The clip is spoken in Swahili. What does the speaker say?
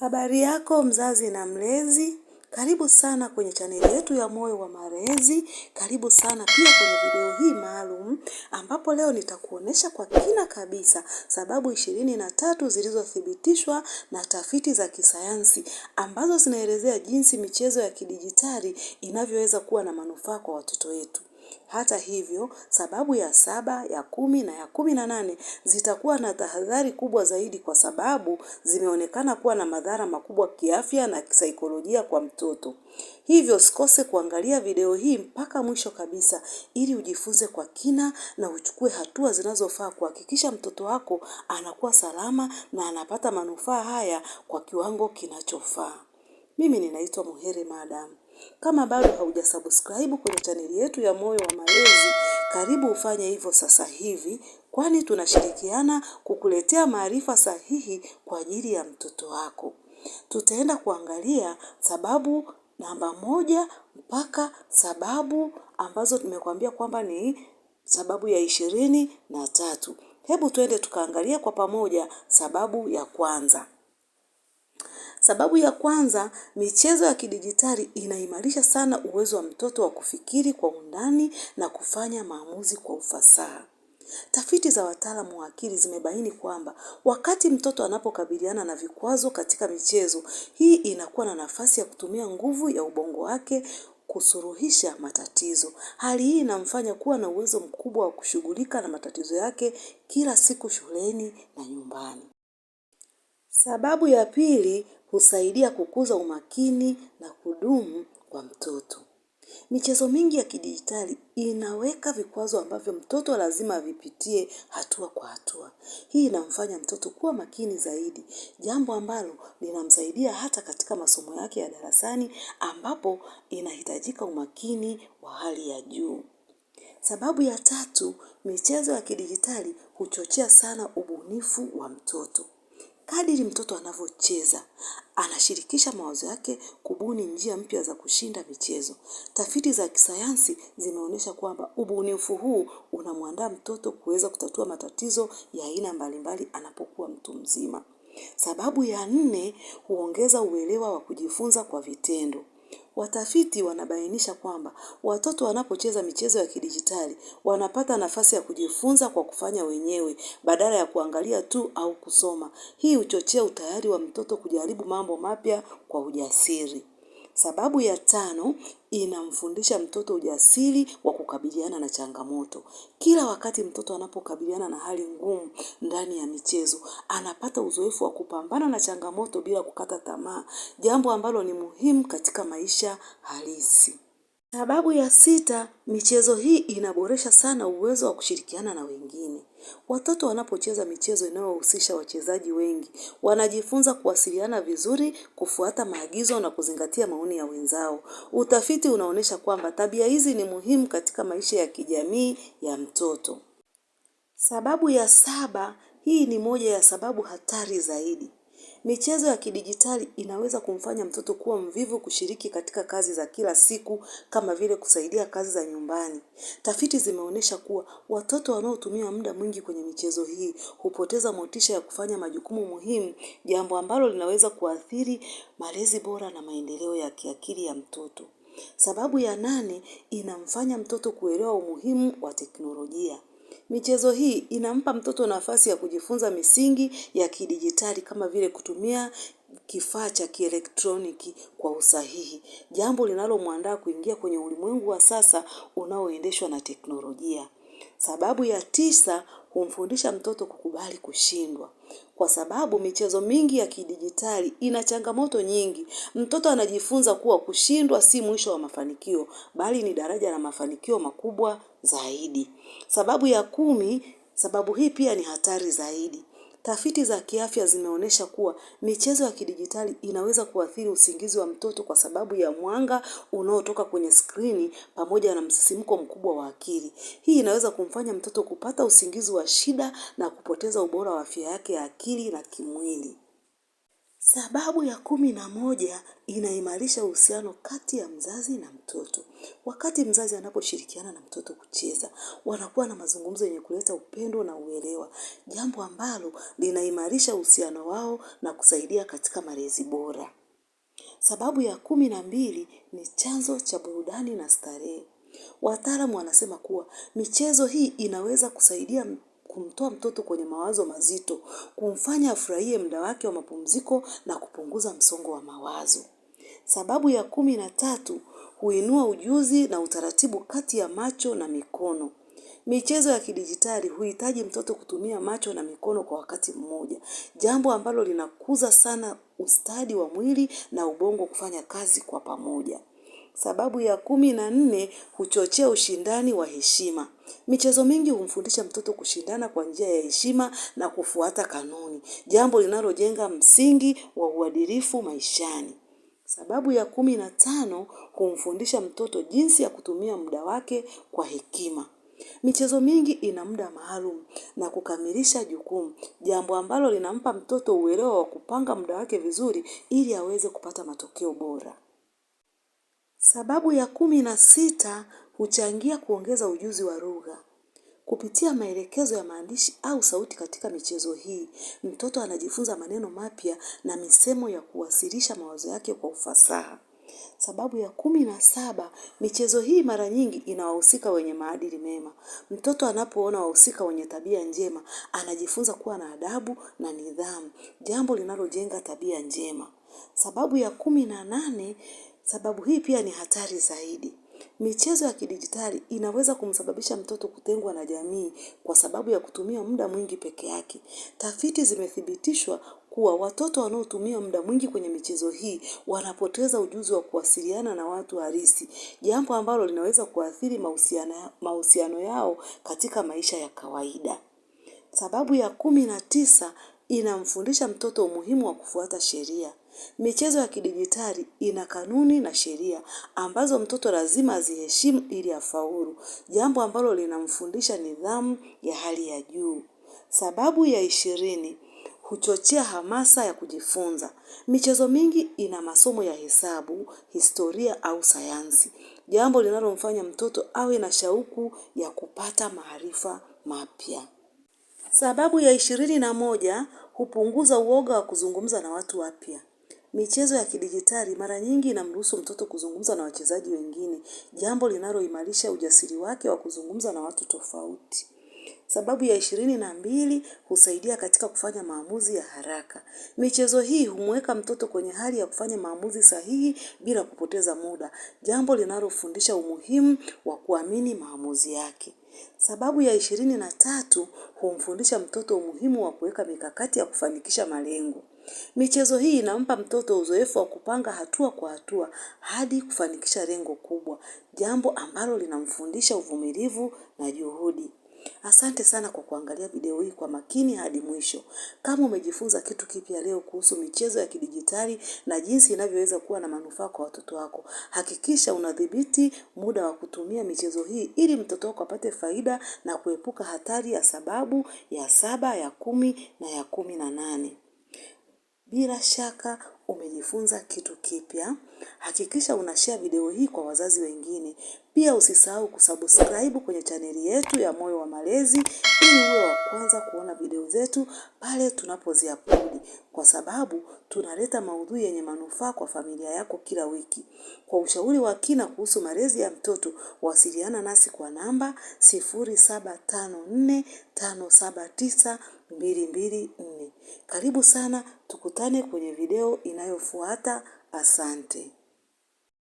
Habari yako mzazi na mlezi, karibu sana kwenye chaneli yetu ya Moyo wa Malezi, karibu sana pia kwenye video hii maalum ambapo leo nitakuonesha kwa kina kabisa sababu ishirini na tatu zilizothibitishwa na tafiti za kisayansi ambazo zinaelezea jinsi michezo ya kidijitali inavyoweza kuwa na manufaa kwa watoto wetu. Hata hivyo, sababu ya saba, ya kumi na ya kumi na nane zitakuwa na tahadhari kubwa zaidi kwa sababu zimeonekana kuwa na madhara makubwa kiafya na kisaikolojia kwa mtoto. Hivyo usikose kuangalia video hii mpaka mwisho kabisa ili ujifunze kwa kina na uchukue hatua zinazofaa kuhakikisha mtoto wako anakuwa salama na anapata manufaa haya kwa kiwango kinachofaa. Mimi ninaitwa Muhere Madam. Kama bado haujasubscribe kwenye chaneli yetu ya Moyo wa Malezi, karibu ufanye hivyo sasa hivi, kwani tunashirikiana kukuletea maarifa sahihi kwa ajili ya mtoto wako. Tutaenda kuangalia sababu namba moja mpaka sababu ambazo tumekuambia kwamba ni sababu ya ishirini na tatu. Hebu tuende tukaangalia kwa pamoja sababu ya kwanza. Sababu ya kwanza, michezo ya kidijitali inaimarisha sana uwezo wa mtoto wa kufikiri kwa undani na kufanya maamuzi kwa ufasaha. Tafiti za wataalamu wa akili zimebaini kwamba wakati mtoto anapokabiliana na vikwazo katika michezo, hii inakuwa na nafasi ya kutumia nguvu ya ubongo wake kusuluhisha matatizo. Hali hii inamfanya kuwa na uwezo mkubwa wa kushughulika na matatizo yake kila siku shuleni na nyumbani. Sababu ya pili, husaidia kukuza umakini na kudumu kwa mtoto. Michezo mingi ya kidijitali inaweka vikwazo ambavyo mtoto lazima avipitie hatua kwa hatua. Hii inamfanya mtoto kuwa makini zaidi. Jambo ambalo linamsaidia hata katika masomo yake ya darasani ambapo inahitajika umakini wa hali ya juu. Sababu ya tatu, michezo ya kidijitali huchochea sana ubunifu wa mtoto. Kadiri mtoto anavyocheza, anashirikisha mawazo yake kubuni njia mpya za kushinda michezo. Tafiti za kisayansi zimeonyesha kwamba ubunifu huu unamwandaa mtoto kuweza kutatua matatizo ya aina mbalimbali anapokuwa mtu mzima. Sababu ya nne, huongeza uelewa wa kujifunza kwa vitendo. Watafiti wanabainisha kwamba watoto wanapocheza michezo ya kidijitali wanapata nafasi ya kujifunza kwa kufanya wenyewe badala ya kuangalia tu au kusoma. Hii huchochea utayari wa mtoto kujaribu mambo mapya kwa ujasiri. Sababu ya tano inamfundisha mtoto ujasiri wa kukabiliana na changamoto. Kila wakati mtoto anapokabiliana na hali ngumu ndani ya michezo, anapata uzoefu wa kupambana na changamoto bila kukata tamaa, jambo ambalo ni muhimu katika maisha halisi. Sababu ya sita, michezo hii inaboresha sana uwezo wa kushirikiana na wengine. Watoto wanapocheza michezo inayohusisha wachezaji wengi, wanajifunza kuwasiliana vizuri, kufuata maagizo na kuzingatia maoni ya wenzao. Utafiti unaonesha kwamba tabia hizi ni muhimu katika maisha ya kijamii ya mtoto. Sababu ya saba, hii ni moja ya sababu hatari zaidi. Michezo ya kidijitali inaweza kumfanya mtoto kuwa mvivu kushiriki katika kazi za kila siku kama vile kusaidia kazi za nyumbani. Tafiti zimeonyesha kuwa watoto wanaotumia muda mwingi kwenye michezo hii hupoteza motisha ya kufanya majukumu muhimu, jambo ambalo linaweza kuathiri malezi bora na maendeleo ya kiakili ya mtoto. Sababu ya nane inamfanya mtoto kuelewa umuhimu wa teknolojia. Michezo hii inampa mtoto nafasi ya kujifunza misingi ya kidijitali kama vile kutumia kifaa cha kielektroniki kwa usahihi, jambo linalomwandaa kuingia kwenye ulimwengu wa sasa unaoendeshwa na teknolojia. Sababu ya tisa humfundisha mtoto kukubali kushindwa, kwa sababu michezo mingi ya kidijitali ina changamoto nyingi. Mtoto anajifunza kuwa kushindwa si mwisho wa mafanikio, bali ni daraja la mafanikio makubwa zaidi. Sababu ya kumi, sababu hii pia ni hatari zaidi. Tafiti za kiafya zimeonyesha kuwa michezo ya kidijitali inaweza kuathiri usingizi wa mtoto kwa sababu ya mwanga unaotoka kwenye skrini pamoja na msisimko mkubwa wa akili. Hii inaweza kumfanya mtoto kupata usingizi wa shida na kupoteza ubora wa afya yake ya akili na kimwili. Sababu ya kumi na moja inaimarisha uhusiano kati ya mzazi na mtoto. Wakati mzazi anaposhirikiana na mtoto kucheza, wanakuwa na mazungumzo yenye kuleta upendo na uelewa, jambo ambalo linaimarisha uhusiano wao na kusaidia katika malezi bora. Sababu ya kumi na mbili ni chanzo cha burudani na starehe. Wataalamu wanasema kuwa michezo hii inaweza kusaidia kumtoa mtoto kwenye mawazo mazito, kumfanya afurahie muda wake wa mapumziko na kupunguza msongo wa mawazo. Sababu ya kumi na tatu, huinua ujuzi na utaratibu kati ya macho na mikono. Michezo ya kidijitali huhitaji mtoto kutumia macho na mikono kwa wakati mmoja, jambo ambalo linakuza sana ustadi wa mwili na ubongo kufanya kazi kwa pamoja. Sababu ya kumi na nne, huchochea ushindani wa heshima. Michezo mingi humfundisha mtoto kushindana kwa njia ya heshima na kufuata kanuni, jambo linalojenga msingi wa uadilifu maishani. Sababu ya kumi na tano, humfundisha mtoto jinsi ya kutumia muda wake kwa hekima. Michezo mingi ina muda maalum na kukamilisha jukumu, jambo ambalo linampa mtoto uelewa wa kupanga muda wake vizuri ili aweze kupata matokeo bora. Sababu ya kumi na sita huchangia kuongeza ujuzi wa lugha. Kupitia maelekezo ya maandishi au sauti katika michezo hii, mtoto anajifunza maneno mapya na misemo ya kuwasilisha mawazo yake kwa ufasaha. Sababu ya kumi na saba, michezo hii mara nyingi ina wahusika wenye maadili mema. Mtoto anapoona wahusika wenye tabia njema, anajifunza kuwa na adabu na nidhamu, jambo linalojenga tabia njema. Sababu ya kumi na nane, Sababu hii pia ni hatari zaidi. Michezo ya kidijitali inaweza kumsababisha mtoto kutengwa na jamii kwa sababu ya kutumia muda mwingi peke yake. Tafiti zimethibitishwa kuwa watoto wanaotumia muda mwingi kwenye michezo hii wanapoteza ujuzi wa kuwasiliana na watu halisi, jambo ambalo linaweza kuathiri mahusiano yao katika maisha ya kawaida. Sababu ya kumi na tisa inamfundisha mtoto umuhimu wa kufuata sheria. Michezo ya kidijitali ina kanuni na sheria ambazo mtoto lazima aziheshimu ili afaulu, jambo ambalo linamfundisha nidhamu ya hali ya juu. Sababu ya ishirini, huchochea hamasa ya kujifunza. Michezo mingi ina masomo ya hesabu, historia au sayansi. Jambo linalomfanya mtoto awe na shauku ya kupata maarifa mapya. Sababu ya ishirini na moja, hupunguza uoga wa kuzungumza na watu wapya. Michezo ya kidijitali mara nyingi inamruhusu mtoto kuzungumza na wachezaji wengine, jambo linaloimarisha ujasiri wake wa kuzungumza na watu tofauti. Sababu ya ishirini na mbili husaidia katika kufanya maamuzi ya haraka. Michezo hii humweka mtoto kwenye hali ya kufanya maamuzi sahihi bila kupoteza muda, jambo linalofundisha umuhimu wa kuamini maamuzi yake. Sababu ya ishirini na tatu humfundisha mtoto umuhimu wa kuweka mikakati ya kufanikisha malengo. Michezo hii inampa mtoto uzoefu wa kupanga hatua kwa hatua hadi kufanikisha lengo kubwa, jambo ambalo linamfundisha uvumilivu na juhudi. Asante sana kwa kuangalia video hii kwa makini hadi mwisho. Kama umejifunza kitu kipya leo kuhusu michezo ya kidijitali na jinsi inavyoweza kuwa na manufaa kwa watoto wako, hakikisha unadhibiti muda wa kutumia michezo hii ili mtoto wako apate faida na kuepuka hatari ya sababu ya saba, ya kumi na ya kumi na nane. Bila shaka umejifunza kitu kipya. Hakikisha unashare video hii kwa wazazi wengine pia usisahau kusubscribe kwenye chaneli yetu ya Moyo wa Malezi ili uwe wa kwanza kuona video zetu pale tunapoziupload, kwa sababu tunaleta maudhui yenye manufaa kwa familia yako kila wiki. Kwa ushauri wa kina kuhusu malezi ya mtoto, wasiliana nasi kwa namba 0754579224. Karibu sana, tukutane kwenye video inayofuata. Asante.